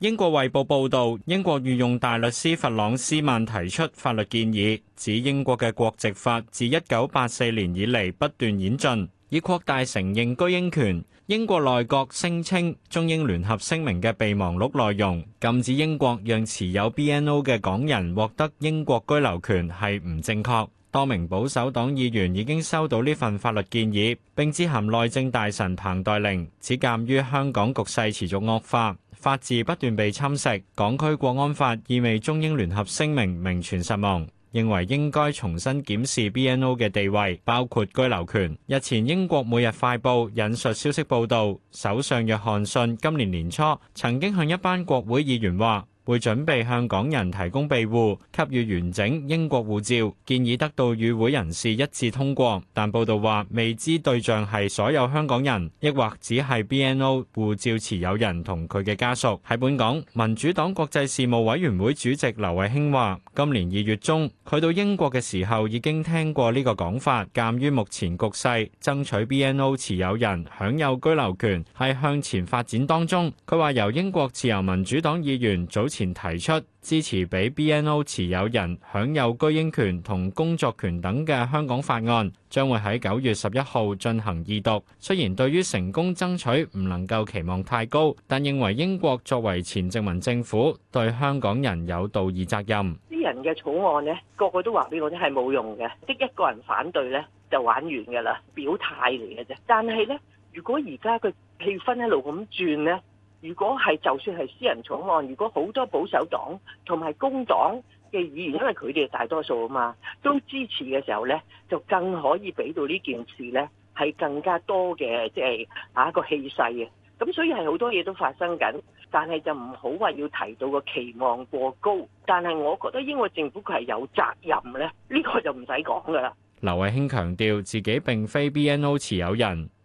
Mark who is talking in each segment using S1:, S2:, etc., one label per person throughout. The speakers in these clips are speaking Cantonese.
S1: 英國衛報報道，英國御用大律師弗朗斯曼提出法律建議，指英國嘅國籍法自一九八四年以嚟不斷演進，以擴大承認居英權。英國內閣聲稱中英聯合聲明嘅備忘錄內容禁止英國讓持有 BNO 嘅港人獲得英國居留權係唔正確。多名保守黨議員已經收到呢份法律建議，並致函內政大臣彭黛玲，只鑒於香港局勢持續惡化，法治不斷被侵蝕，港區國安法意味中英聯合聲明名存實亡，認為應該重新檢視 BNO 嘅地位，包括居留權。日前英國《每日快報》引述消息報道，首相約翰遜今年年初曾經向一班國會議員話。會準備向港人提供庇護，給予完整英國護照，建議得到與會人士一致通過。但報道話未知對象係所有香港人，亦或只係 BNO 護照持有人同佢嘅家屬。喺本港民主黨國際事務委員會主席劉慧卿話：今年二月中佢到英國嘅時候已經聽過呢個講法。鑑於目前局勢，爭取 BNO 持有人享有居留權喺向前發展當中。佢話由英國自由民主黨議員早前。前提出支持俾 BNO 持有人享有居英權同工作權等嘅香港法案，將會喺九月十一號進行二讀。雖然對於成功爭取唔能夠期望太高，但認為英國作為前殖民政府，對香港人有道義責任。
S2: 啲人嘅草案咧，個個都話俾我聽係冇用嘅，即一個人反對咧就玩完噶啦，表態嚟嘅啫。但係咧，如果而家個氣氛一路咁轉咧？如果係就算係私人草案，如果好多保守黨同埋工黨嘅議員，因為佢哋大多數啊嘛，都支持嘅時候咧，就更可以俾到呢件事咧係更加多嘅，即、就、係、是、啊個氣勢嘅。咁所以係好多嘢都發生緊，但係就唔好話要提到個期望過高。但係我覺得英國政府佢係有責任咧，呢、這個就唔使講噶啦。
S1: 劉慧卿強調自己並非 BNO 持有人。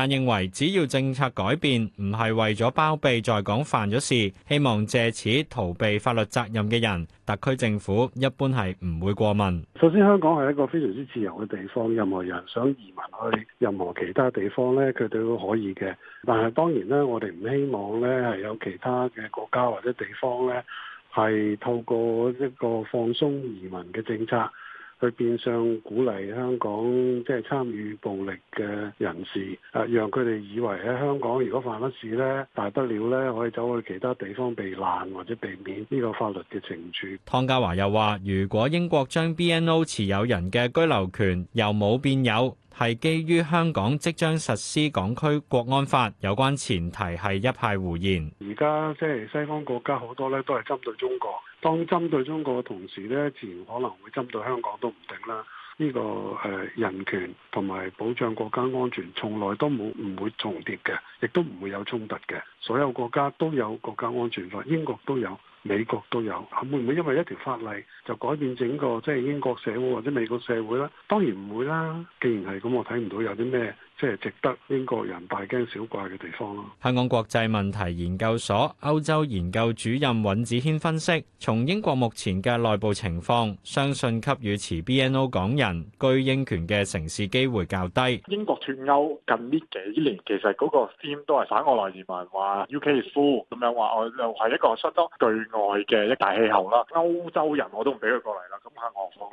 S1: 但認為只要政策改變，唔係為咗包庇在港犯咗事、希望藉此逃避法律責任嘅人，特區政府一般係唔會過問。
S3: 首先，香港係一個非常之自由嘅地方，任何人想移民去任何其他地方咧，佢哋都可以嘅。但係當然咧，我哋唔希望咧係有其他嘅國家或者地方咧，係透過一個放鬆移民嘅政策，去變相鼓勵香港即係參與暴力嘅人士，啊，讓佢哋以為喺香港如果犯咗事咧，大不了咧可以走去其他地方避難或者避免呢個法律嘅懲處。
S1: 湯家驊又話，如果英國將 BNO 持有人嘅居留權由冇變有。係基於香港即將實施港區國安法，有關前提係一派胡言。而家
S3: 即係西方國家好多咧，都係針對中國。當針對中國嘅同時咧，自然可能會針對香港都唔定啦。呢個誒人權同埋保障國家安全，從來都冇唔會重疊嘅，亦都唔會有衝突嘅。所有國家都有國家安全法，英國都有。美國都有嚇，會唔會因為一條法例就改變整個、即係、英國社會或者美國社會呢？當然唔會啦，既然係咁，我睇唔到有啲咩。即係值得英國人大驚小怪嘅地方咯。
S1: 香港國際問題研究所歐洲研究主任尹子軒分析：從英國目前嘅內部情況，相信給予持 BNO 港人居英權嘅成事機會較低。
S3: 英國脱歐，近呢幾年其實嗰個 theme 都係反外來移民，話 UK is full 咁樣話，我又係一個相當拒外嘅一大氣候啦。歐洲人我都唔俾佢過嚟啦。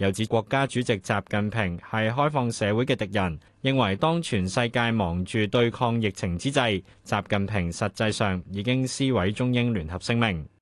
S1: 又指國家主席習近平係開放社會嘅敵人，認為當全世界忙住對抗疫情之際，習近平實際上已經撕毀中英聯合聲明。